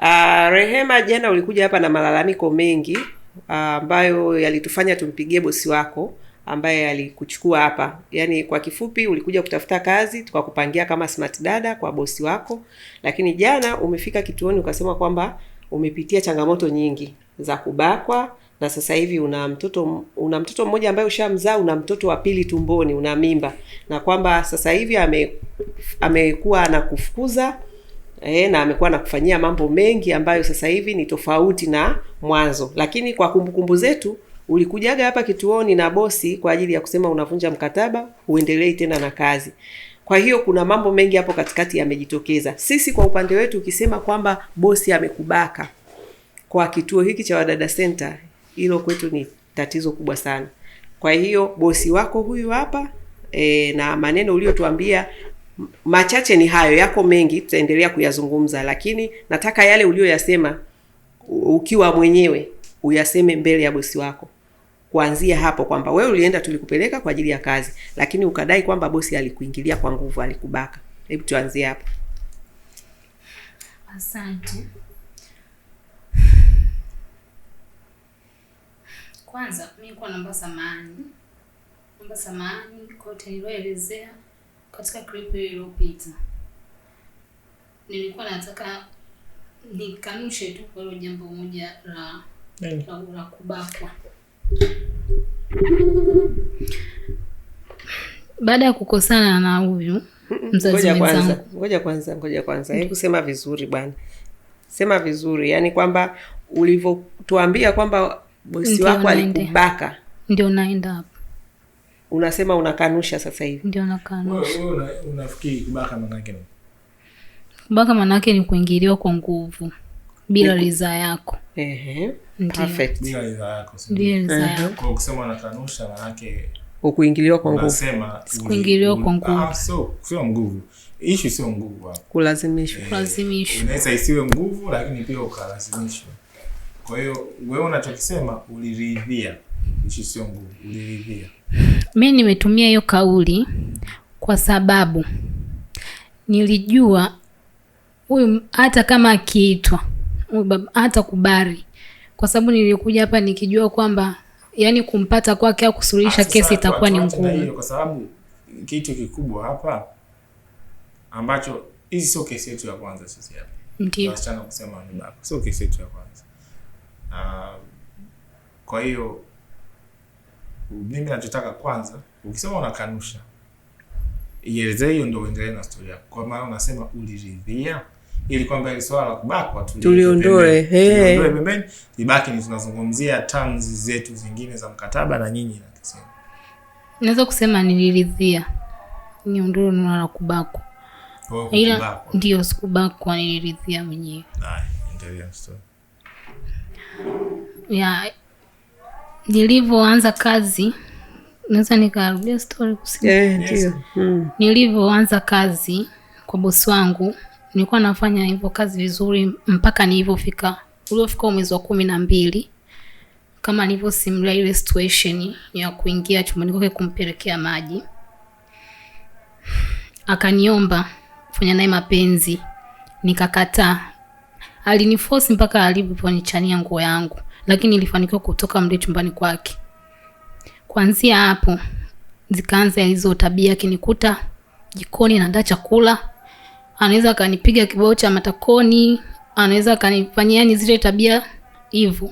Uh, Rehema, jana ulikuja hapa na malalamiko mengi ah, ambayo uh, yalitufanya tumpigie bosi wako ambaye alikuchukua hapa. Yaani kwa kifupi ulikuja kutafuta kazi tukakupangia kama smart dada kwa bosi wako, lakini jana umefika kituoni ukasema kwamba umepitia changamoto nyingi za kubakwa na sasa hivi una mtoto una mtoto mmoja ambaye ushamzaa, una mtoto wa pili tumboni, una mimba, na kwamba sasa hivi ame amekuwa anakufukuza eh, na amekuwa anakufanyia mambo mengi ambayo sasa hivi ni tofauti na mwanzo, lakini kwa kumbukumbu zetu ulikujaga hapa kituoni na bosi kwa ajili ya kusema unavunja mkataba, uendelei tena na kazi. Kwa hiyo kuna mambo mengi hapo katikati yamejitokeza. Sisi kwa upande wetu, ukisema kwamba bosi amekubaka kwa kituo hiki cha Wadada Center, hilo kwetu ni tatizo kubwa sana. Kwa hiyo bosi wako huyu hapa e, na maneno uliotuambia machache ni hayo, yako mengi tutaendelea kuyazungumza, lakini nataka yale uliyoyasema ukiwa mwenyewe uyaseme mbele ya bosi wako, kuanzia hapo kwamba wewe ulienda, tulikupeleka kwa ajili ya kazi, lakini ukadai kwamba bosi alikuingilia kwa nguvu, alikubaka. Hebu tuanzie hapo. Asante. Kwanza mimi kwa naomba samani naomba samani kote niliyoelezea katika clip hiyo iliyopita nilikuwa nataka nikanushe tu kwa hilo jambo moja la la, la kubakwa. Baada ya kukosana na huyu mzazi mwenzangu, ngoja kwanza, ngoja kwanza, hebu sema vizuri bwana, sema vizuri, yaani kwamba ulivyotuambia kwamba bosi wako alikubaka ndio naenda hapo unasema unakanusha sasa hivi. Ndio nakanusha. Wewe unafikiri kibaka Kibaka ni kuingiliwa kwa nguvu bila ridhaa yako. Ehe. Perfect. Bila yako. yako. Kwa kusema ukuingiliwa kwa nguvu. Unasema kwa nguvu. Ah, sio nguvu. Issue sio nguvu hapo. Kulazimishwa. Eh, Kulazimishwa. isiwe nguvu lakini pia ukalazimishwa. Kwa hiyo wewe unachokisema uliridhia. Issue sio nguvu, uliridhia. Mi nimetumia hiyo kauli kwa sababu nilijua huyu hata kama akiitwa hata kubari kwa sababu nilikuja hapa nikijua kwamba yani kumpata kwake au kusuluhisha ah, kesi itakuwa ni ngumu, kwa sababu kitu kikubwa hapa ambacho hizi sio kesi yetu ya kwanza sisi hapa ndio wasichana kusema ni baba, sio kesi yetu ya kwanza uh, kwa hiyo mimi nachotaka kwanza, ukisema unakanusha, ieleze hiyo, ndo uendelee na story yako, kwa maana unasema uliridhia ili kwamba ile swala la kubakwa tuliondoe pembeni, eh. ibaki ni tunazungumzia terms zetu zingine za mkataba na nyinyi nakisema. Naweza kusema niliridhia niondoe na la kubakwa, ila ndio sikubakwa, niliridhia mwenyewe. Endelea story ya nilivyoanza kazi naweza nikarudia stori kusikia yeah, yes. mm. nilivyoanza kazi kwa bosi wangu nilikuwa nafanya hivyo kazi vizuri mpaka nilivyofika uliofika mwezi wa kumi na mbili kama nilivyosimulia ile situation ya kuingia chumbani kwake kumpelekea maji akaniomba kufanya naye mapenzi nikakataa alinifosi mpaka aliponichania nguo yangu, lakini ilifanikiwa kutoka mle chumbani kwake. Kuanzia hapo zikaanza hizo tabia, akinikuta jikoni naandaa chakula, anaweza akanipiga kibao cha matakoni, anaweza akanifanyia ni yaani zile tabia hivyo.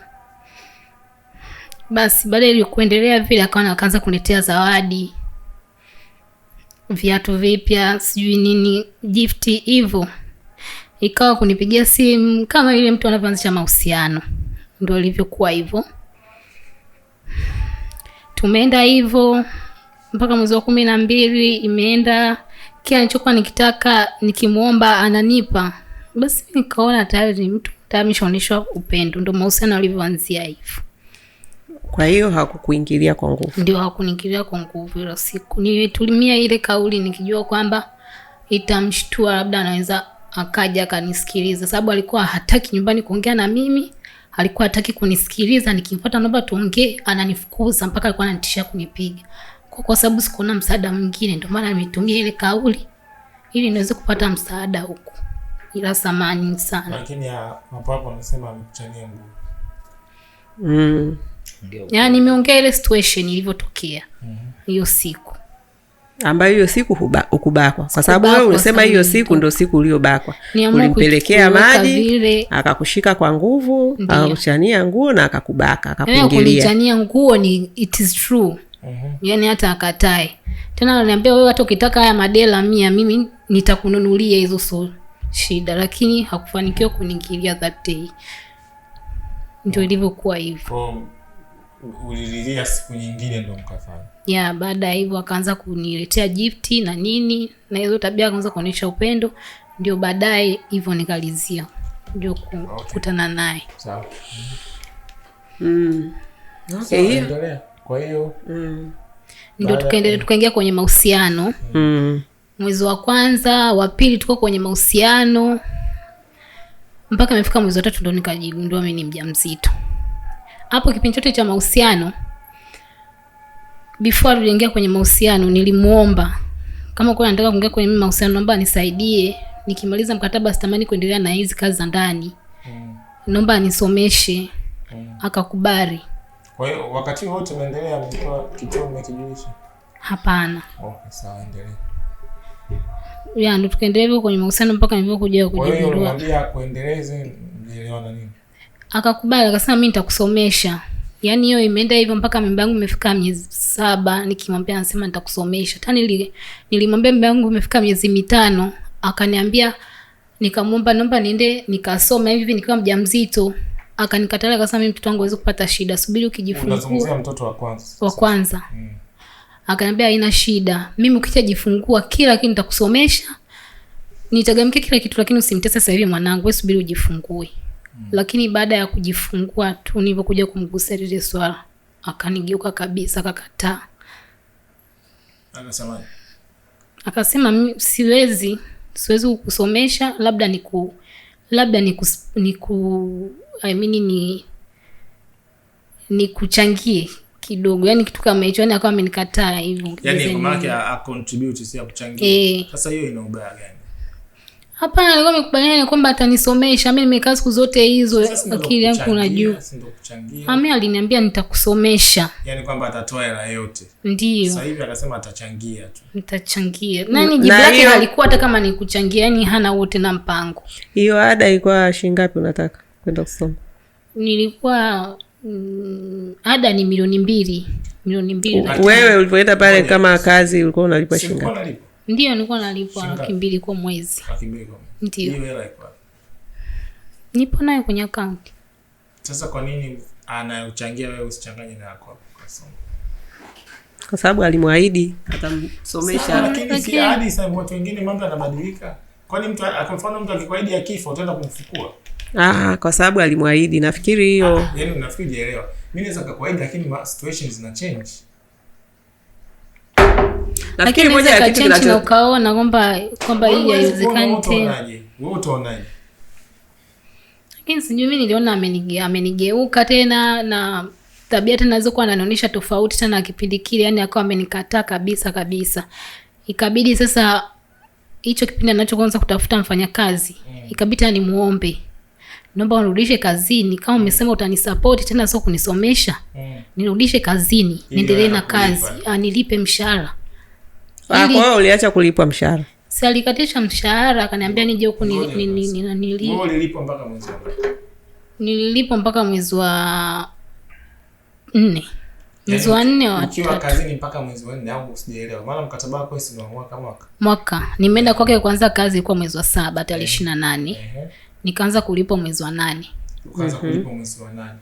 Basi baada ya kuendelea vile, akawa akaanza kuniletea zawadi, viatu vipya, sijui nini, gift hivyo ikawa kunipigia simu kama ile mtu anavyoanzisha mahusiano, ndio ilivyokuwa hivyo. Tumeenda hivyo mpaka mwezi wa kumi na mbili imeenda, kila nilichokuwa nikitaka nikimwomba ananipa, basi nikaona tayari ni mtu tayari upendo. ndo mahusiano alivyoanzia hivyo. Kwa hiyo hakukuingilia kwa nguvu? Ndio, hakuniingilia kwa nguvu. Hilo siku nilitumia ile kauli nikijua kwamba itamshtua, labda anaweza akaja akanisikiliza, sababu alikuwa hataki nyumbani kuongea na mimi, alikuwa hataki kunisikiliza. Nikimfuata naomba tuongee, ananifukuza, mpaka alikuwa ananitishia kunipiga. Kwa, kwa sababu sikuona msaada mwingine, ndio maana nimetumia ile kauli ili niweze kupata msaada huku, ila samani sana. Lakini hapo ah, hapo anasema amekuchania nguvu mm. Yani nimeongea ile situation ilivyotokea mm-hmm. hiyo mm -hmm. siku ambayo hiyo siku hukubakwa kwa sababu wewe unasema hiyo siku ndo siku uliobakwa, ulimpelekea maji akakushika kwa nguvu, akakuchania nguo na akakubaka, yaani akakulichania nguo. Ni it is true mm-hmm. Yani hata akatae tena, ananiambia wewe, hata ukitaka haya madela mia mimi nitakununulia hizo, so shida, lakini hakufanikiwa kuningilia that day. Ndio mm. ilivyokuwa hivyo, ulilia siku nyingine ndo mkafanya yeah, baada ya hivyo akaanza kuniletea gifti na nini na hizo tabia, akaanza kuonyesha upendo, ndio baadaye hivyo nikalizia ndio kukutana okay. naye sawa. mm. Eh, kwa hiyo mm. ndio tukaendelea tukaingia kwenye mahusiano mm. mwezi wa kwanza wa pili tuko kwenye mahusiano mpaka imefika mwezi wa tatu ndo nikajigundua mi ni mjamzito. Hapo kipindi chote cha mahusiano before hatujaingia kwenye mahusiano nilimuomba kama kwa nataka kuingia kwenye mahusiano naomba nisaidie, nikimaliza mkataba sitamani kuendelea na hizi kazi za ndani mm. naomba anisomeshe mm. akakubali. Kwa hiyo wakati wote umeendelea mlikuwa kituo mmekijulisha? Hapana. Oh, sawa, endelea. Ya, ndo tukaendelea hivyo kwenye mahusiano mpaka nilivyokuja kujigundua. Kwa hiyo unamwambia kuendeleze, mlielewana nini? Akakubali akasema mimi nitakusomesha. mm yaani hiyo imeenda hivyo mpaka mimba yangu imefika miezi saba, nikimwambia anasema nitakusomesha. ta nili, nilimwambia mimba yangu imefika miezi mitano, akaniambia nikamwomba naomba niende nikasoma hivi hivi nikiwa mjamzito. Akanikatalia akasema mimi mtoto wangu hawezi kupata shida, subiri ukijifungua. Mtoto wa kwanza wa kwanza mm. Akaniambia haina shida, mimi ukishajifungua kila kitu nitakusomesha, nitagamikia kila kitu, lakini usimtese sasa hivi mwanangu, wewe subiri ujifungue mm. Lakini baada ya kujifungua tu nilivyokuja kumgusa lile swala akanigeuka kabisa, akakataa, akasema siwezi siwezi kukusomesha, labda ku labda ni ku I mean ni kuchangie kidogo, yani kitu kama hicho, yani akawa amenikataa hivyo, yani kwa eh. Sasa hiyo ina ubaya gani? Hapana, alikuwa amekubaliana ni kwamba atanisomesha. Mi nimekaa siku zote hizo, akili yangu unajua. Ami ah, aliniambia nitakusomesha, yani kwamba atatoa hela yote. Ndio sasa hivi akasema atachangia tu, nitachangia. Nani jibu lake alikuwa hata kama ni kuchangia, yani hana wote na mpango. Hiyo ada ilikuwa shilingi ngapi unataka kwenda kusoma? Nilikuwa mm, ada ni milioni mbili, milioni mbili. Wewe ulipoenda pale kama kazi ulikuwa unalipa shilingi ngapi? Ndio, nilikuwa nalipwa laki mbili kwa mwezi. Ndio. Nipo nayo kwenye akaunti. Sasa kwa nini anayochangia wewe usichanganye na yako kwa sababu alimwahidi atamsomesha. Lakini si hadi watu wengine mambo yanabadilika. Kwani mtu kwa mfano mtu utaenda kumfukua? Ah, kwa sababu alimwahidi. Nafikiri hiyo. Ah, yaani Mimi naweza lakini situations zina change ukaona kwamba kwamba hii haiwezekani tena. Lakini sijui mimi niliona amenigeuka tena na tabia tena alizokuwa ananionyesha tofauti tena kipindi kile, yani akawa amenikataa kabisa kabisa. Ikabidi sasa hicho kipindi anachoanza kutafuta mfanyakazi mm. ikabidi nimuombe naomba unirudishe kazini kama mm. umesema utanisapoti tena, sio kunisomesha mm. nirudishe kazini niendelee na kazi, anilipe ah, mshahara Ah, kwa hiyo uliacha kulipwa mshahara? Si alikatisha mshahara akaniambia nije huku nililipwa mpaka mwezi wa nne mwezi wa nne wa mwaka. Nimeenda kwake kuanza kazi ilikuwa mwezi wa saba tarehe ishirini na nane nikaanza kulipwa mwezi wa nane. Mhm. mwezi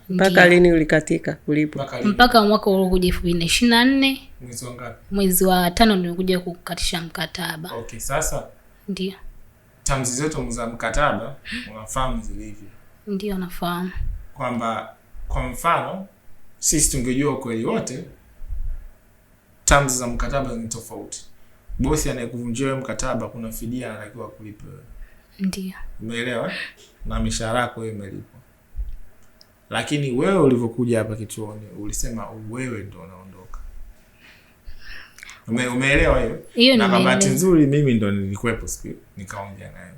Mpaka lini ulikatika kulipwa? Mpaka mwaka uliokuja elfu mbili na ishirini na nne mwezi wa tano nilikuja kukatisha mkataba. Okay, sasa ndio tamzi zetu za mkataba unafahamu zilivyo? Ndio, nafahamu kwamba kwa mfano sisi tungejua ukweli wote, tamzi za mkataba ni tofauti. Bosi anayekuvunjia wewe mkataba, kuna fidia anatakiwa kulipa wewe, ndio umeelewa, na mishahara yako imelipwa lakini wewe ulivyokuja hapa kituoni ulisema wewe ndo unaondoka. umeelewa hiyo? na ni bahati nzuri, mimi ndo nilikuwepo siku nikaongea naye,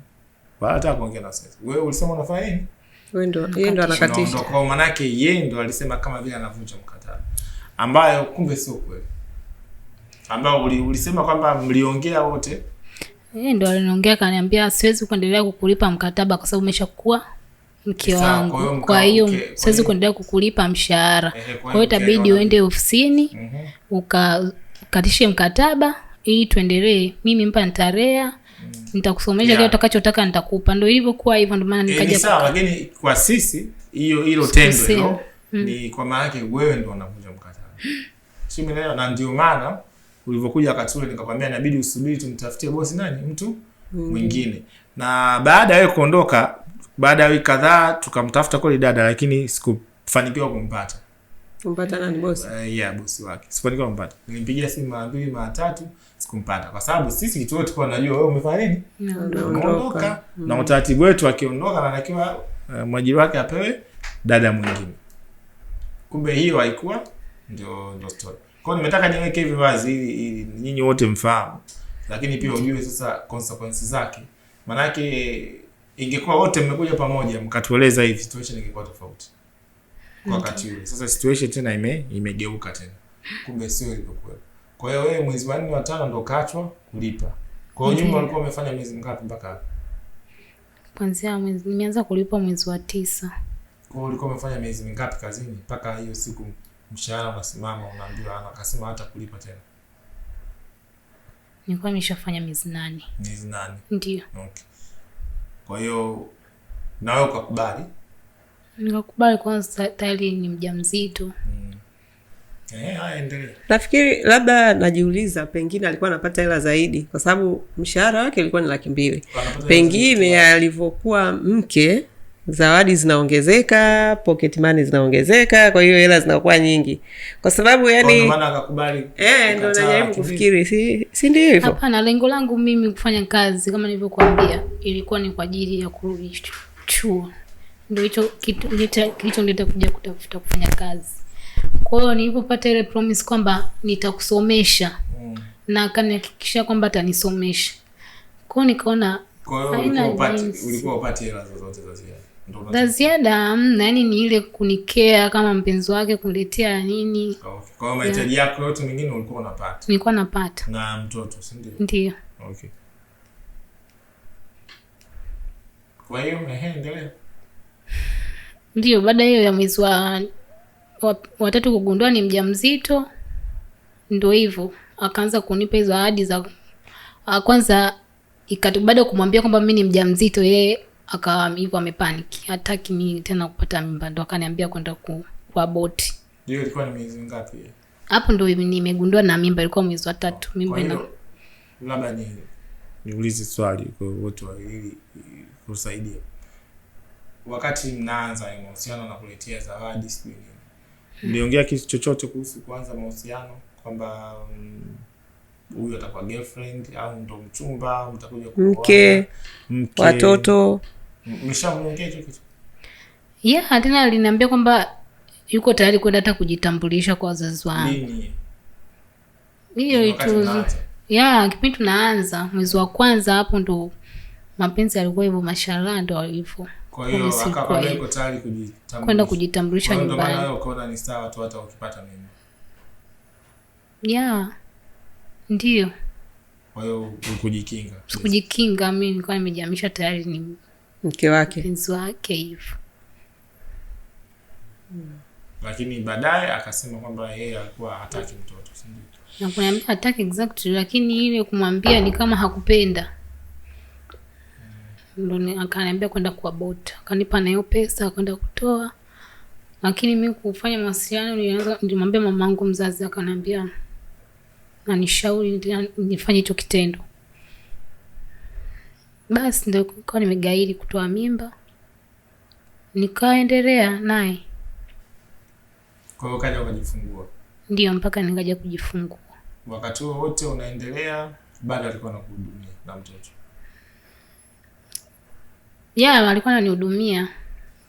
wala hata kuongea na sasa. Wewe ulisema unafanya nini? Wewe ndo yeye ndo anakatisha, kwa maana yake yeye ndo alisema kama vile anavunja mkataba, ambayo kumbe sio kweli, ambayo ulisema kwamba mliongea wote. Yeye ndo aliniongea, kaniambia siwezi kuendelea kukulipa mkataba kwa sababu umeshakuwa mke wangu, kwa hiyo siwezi kuendelea kukulipa mshahara, kwa hiyo itabidi uende ofisini mm-hmm. ukakatishe mkataba ili tuendelee, mimi mpa nitarea mm. nitakusomesha yeah. kile utakachotaka nitakupa. ndo ilivyokuwa hivyo, ndo maana eh, nikaja. Sawa, lakini kwa sisi hiyo hilo tendo hilo mm. ni kwa maana yake wewe ndo unavunja mkataba, si mimi, na ndio maana ulivyokuja wakati ule nikakwambia inabidi usubiri tumtafutie bosi nani, mtu mm. mwingine. Na baada ya wewe kuondoka baada ya wiki kadhaa tukamtafuta kweli dada, lakini sikufanikiwa kumpata. Kumpata eh, eh, mbili mm. utaratibu wetu, akiondoka eh, mwajiri wake apewe dada mwingine. Kumbe hiyo haikuwa ndio nimetaka niweke hivi wazi ili, ili nyinyi wote mfahamu, lakini pia ujue sasa consequences zake, maanake ingekuwa wote mmekuja pamoja mkatueleza hivi, situation ingekuwa tofauti kwa wakati ule. Sasa situation tena ime imegeuka tena, kumbe sio ilivyokuwa. Kwa hiyo wewe mwezi wa nne wa tano ndo kachwa kulipa. Kwa hiyo nyumba alikuwa amefanya miezi mingapi mpaka hapa Kuanzia mwezi nimeanza kulipa mwezi wa tisa. Kwa hiyo ulikuwa umefanya miezi mingapi kazini mpaka hiyo siku mshahara unasimama, unaambiwa ana akasema hata kulipa tena? Nilikuwa nimeshafanya miezi nane. Miezi nane. Ndio. Okay. Kwa hiyo na wewe ukakubali? Nikakubali kwanza, tayari ni mjamzito. Mm. Nafikiri labda najiuliza, pengine alikuwa anapata hela zaidi, kwa sababu mshahara wake ilikuwa ni laki mbili, pengine alivyokuwa mke zawadi zinaongezeka, pocket money zinaongezeka, kwa hiyo hela zinakuwa nyingi, kwa sababu yani, eh, ndo najaribu kufikiri, si si ndio hivyo? Hapana, lengo langu mimi kufanya kazi kama nilivyokuambia, ilikuwa ni kwa ajili ya kurudi chuo, ndo hicho kilichonileta kuja kutafuta kufanya kazi. Kwa hiyo nilipopata ile promise kwamba nitakusomesha mm, na kanihakikisha kwamba atanisomesha, kwao nikaona, ulikuwa upati hela zozote za ziada na ziada amna yani ni ile kunikea kama mpenzi wake kuletea nini. Okay. Kwa mahitaji yako yote ulikuwa unapata? Nilikuwa napata. Na mtoto, si ndio? Ndio. Okay. Kwa hiyo ehe, endelea. Ndio, baada hiyo ya mwezi wa watatu kugundua ni mjamzito, ndio hivyo akaanza kunipa hizo ahadi za ah, kwanza, baada kumwambia kwamba mimi ni mjamzito, yeye akawa hivyo amepanic hataki mimi tena kupata mimba ndo akaniambia kwenda ku, kuaboti hiyo ilikuwa ni miezi mingapi hapo ndo nimegundua na mimba ilikuwa mwezi wa tatu mimba ina labda ni niulize swali kwa wote wawili kusaidia wakati mnaanza mahusiano na kuletea zawadi sijui nini hmm. mliongea kitu chochote kuhusu kuanza mahusiano kwamba mm, huyu atakuwa girlfriend au ndo mchumba mtakuja mke, mke watoto Mshamuongea kitu? Yeah, tena aliniambia kwamba yuko tayari kwenda hata kujitambulisha kwa wazazi wangu. Hiyo itu ya kipindi tunaanza mwezi wa kwanza, hapo ndo mapenzi yalikuwa hivyo, mashallah ndo alivyo. Kwa hiyo yuko tayari kujitambulisha, kwenda kujitambulisha nyumbani. Ndio ni sawa hata Ndiyo. Kwa hiyo kujikinga. Sikujikinga mimi nilikuwa nimejihamisha tayari ni mke wake mpenzi wake hivyo hmm. Lakini baadaye akasema kwamba yeye alikuwa hataki mtoto, si hataki exactly, lakini ile kumwambia ni kama hakupenda hmm. ndo akaniambia kwenda kuabot akanipa na hiyo pesa kwenda kutoa, lakini mi kufanya mawasiliano nilimwambia mamangu mzazi, akaniambia nanishauri nifanye hicho kitendo. Basi ndio nikawa nimegairi kutoa mimba, nikaendelea naye. Kwa hiyo kaja ukajifungua? ndio mpaka nikaja kujifungua. Wakati huo wote unaendelea, bado alikuwa anakuhudumia na mtoto? Yeah, alikuwa ananihudumia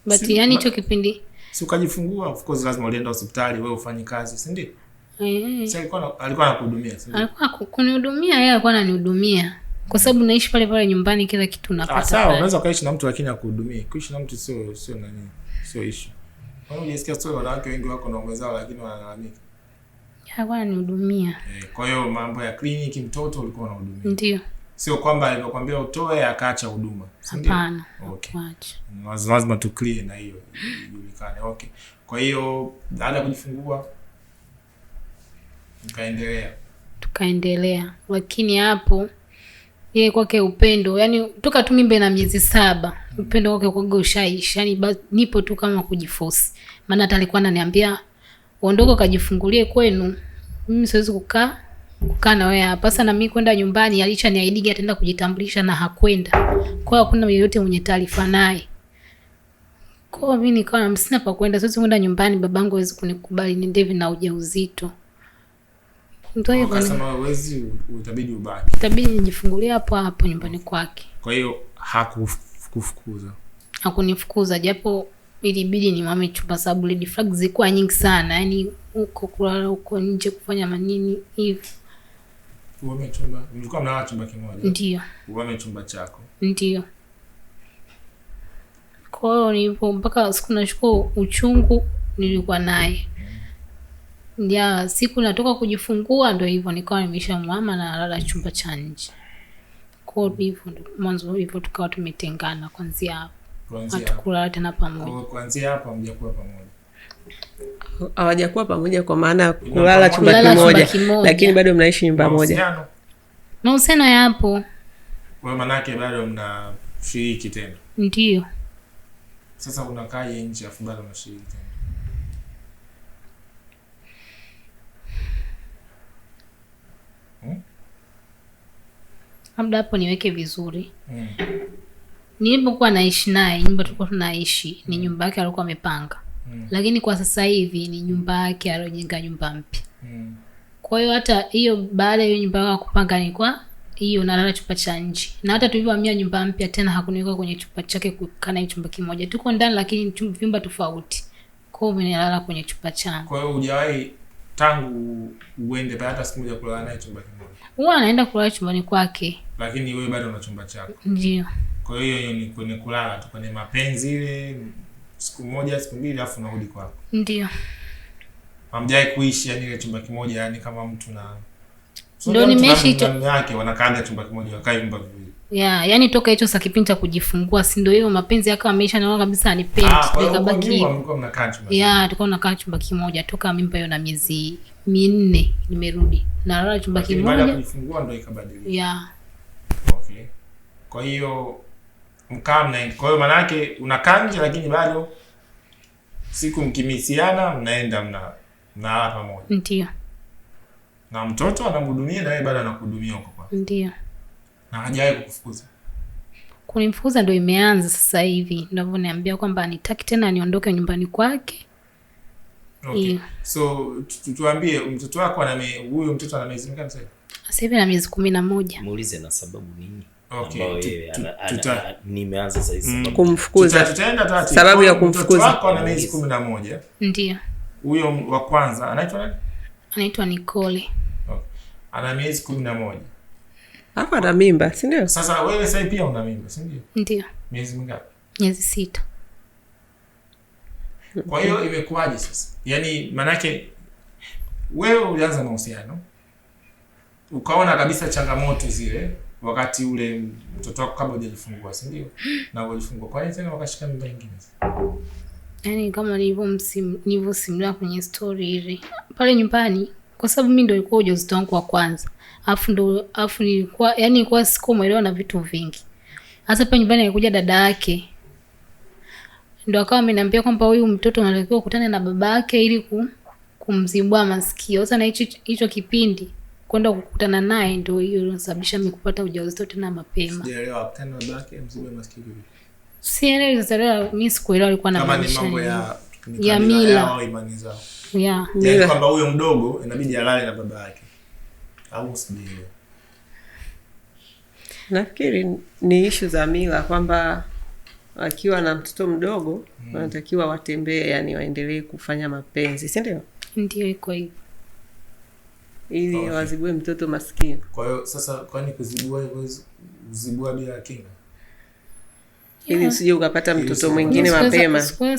but si, yani hicho kipindi si ukajifungua, of course lazima ulienda hospitali wewe ufanye kazi, si ndio? Eh, eh. si alikuwa alikuwa anakuhudumia, si Alikuwa kunihudumia, yeye alikuwa ananihudumia kwa sababu naishi pale pale nyumbani, kila kitu napata. Ah, sawa, unaweza ukaishi na mtu lakini akuhudumii. Kuishi na mtu sio sio nani, sio ishu. Unajisikia sio wanawake wengi wako na umezao, lakini wanalalamika hawana nihudumia. Eh, kwa hiyo mambo ya kliniki, mtoto ulikuwa unahudumia? Ndio, sio kwamba alivyokwambia utoe akaacha huduma. Hapana, okay, lazima tu clear na hiyo ijulikane. Okay, kwa hiyo baada ya kujifungua ukaendelea tukaendelea, lakini hapo yeye kwake upendo yani toka tu mimba na miezi saba upendo wake kwake ushaisha yani ba, nipo tu kama kujifosi maana hata alikuwa ananiambia uondoke ukajifungulie kwenu mimi siwezi kukaa kukaa na wewe hapa sasa na mimi kwenda nyumbani alicha alichaniahidi ataenda kujitambulisha na hakwenda kwa hiyo hakuna yeyote mwenye taarifa naye kwa hiyo mimi nikawa msina pa kwenda siwezi kwenda nyumbani babangu hawezi kunikubali ni ndevi na ujauzito ndio hivyo. utabidi ubaki. Itabidi nijifungulie hapo hapo nyumbani kwake. Kwa hiyo hakufukuza, Hakunifukuza japo ilibidi ni mame chumba sababu red flag zilikuwa nyingi sana. Yaani huko kulala huko nje kufanya manini hivi. Uwame chumba, ulikuwa mnalala chumba kimoja? Ndio. Uwame chumba chako? Ndio. Kwa hiyo nilipo mpaka siku nashukuru uchungu nilikuwa naye ya siku natoka kujifungua, ndo hivyo nikawa mama na lala chumba cha nje. ko hivo mwanzo hivyo tukawa tumetengana kwanzia Hatukulala tena pamoja. pamoja. Hawajakuwa pamoja kwa maana ya kulala chumba kimoja, lakini bado mnaishi nyumba moja. Mahusiano yapo. manake bado mnashiriki tena. Ndio. Sasa unakaa nje afu bado unashiriki labda hapo niweke vizuri mm. Nilipokuwa naishi naye, nyumba tulikuwa tunaishi ni hmm. nyumba yake alikuwa amepanga mm. Lakini kwa sasa hivi ni nyumba yake aliojenga nyumba mpya mm. Kwa hiyo hata hiyo baada ya hiyo nyumba yake kupanga nilikuwa hiyo nalala chumba cha nje, na hata tulivyohamia nyumba mpya tena hakuniweka kwenye chumba chake, kukana naye chumba kimoja, tuko ndani lakini vyumba tofauti. Kwa hiyo nilala kwenye chumba changu. Kwa hiyo hujawahi tangu uende hata siku moja kulala naye chumba huwa anaenda kulala chumbani kwake, lakini wewe bado una chumba chako. Ndio, kwa hiyo hiyo ni kwenye kulala tu, kwenye mapenzi ile, siku moja siku mbili, alafu unarudi kwako. Ndio, hamjai kuishi yani ile chumba kimoja, yani kama mtu na so, ndio nimeishi hicho yake, wanakaa chumba kimoja, wakae vyumba viwili Yeah, yani toka hicho saa kipindi cha kujifungua si ndio hiyo mapenzi yake ameisha na wao kabisa anipendi. Ah, tulikuwa mnakaa chumba. Yeah, tulikuwa tunakaa chumba kimoja toka mimba hiyo na miezi minne nimerudi, nalala chumba kimoja. Kujifungua ndo ikabadilika? Yeah. Okay. Kwa hiyo mkaa mnaenda, kwa hiyo maanake unakaa nje, lakini bado siku mkimisiana mnaenda mna mnalala pamoja? Ndio. Na mtoto anamhudumia naye bado anakuhudumia huko kwa? Ndio. Na hajawahi kukufukuza? Kunimfukuza ndo imeanza sasa hivi, ndivyo niambia kwamba nitaki tena niondoke nyumbani kwake So tuambie mtoto wako ana huyo mtoto ana miezi mingapi sasa? Sasa hivi ana miezi kumi na moja. Muulize na sababu nini? Okay. Nimeanza sasa hivi mm. kumfukuza. Tutaenda taratibu. Sababu ya kumfukuza. Mtoto wako ana miezi kumi na moja. Ndio. Huyo wa kwanza anaitwa nani? Anaitwa Nicole. Okay. Ana miezi kumi na moja. Hapa ana mimba, si ndio? Sasa wewe sasa pia una mimba, si ndio? Ndio. Miezi mingapi? Miezi sita. Kwa hiyo imekuwaje sasa? Yaani maanake wewe ulianza mahusiano ukaona kabisa changamoto zile wakati ule mtoto wako kabla hujajifungua, si ndio? Na ulifungua, kwa nini tena wakashika mimba nyingine? Yaani kama nilivyosimulia kwenye story ile pale nyumbani, kwa sababu mimi ndio likuwa ujauzito wangu wa kwanza, afu ndo alafu nilikuwa yani nilikuwa siku mwelewa na vitu vingi, hasa pale nyumbani alikuja dada yake ndo akawa ameniambia kwamba huyu mtoto anatakiwa kukutana na baba yake ili ku, kumzibua masikio. Sasa na hicho hicho kipindi kwenda kukutana naye ndo hiyo ilosababisha mimi kupata ujauzito tena mapema. Sielewa akutana na babake mzibue masikio vipi? sikuelewa alikuwa na mambo ya ya mila au imani yaani kwamba huyo mdogo inabidi alale na baba yake. Au sielewi. Nafikiri ni ishu za mila kwamba wakiwa na mtoto mdogo mm. wanatakiwa watembee, yani waendelee kufanya mapenzi, si ndio? Ndio, iko hivo ili okay. wazibue mtoto maskini. kwahiyo sasa, kwani kuzibua kuzibua bila kinga ili usije ukapata mtoto mwingine mapema, kwa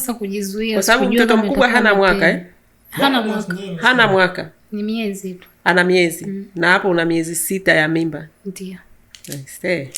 sababu mtoto mkubwa hana mwaka eh? hana mwaka, hana mwaka, ni miezi tu, ana miezi mm. na hapo una miezi sita ya mimba, ndio eh?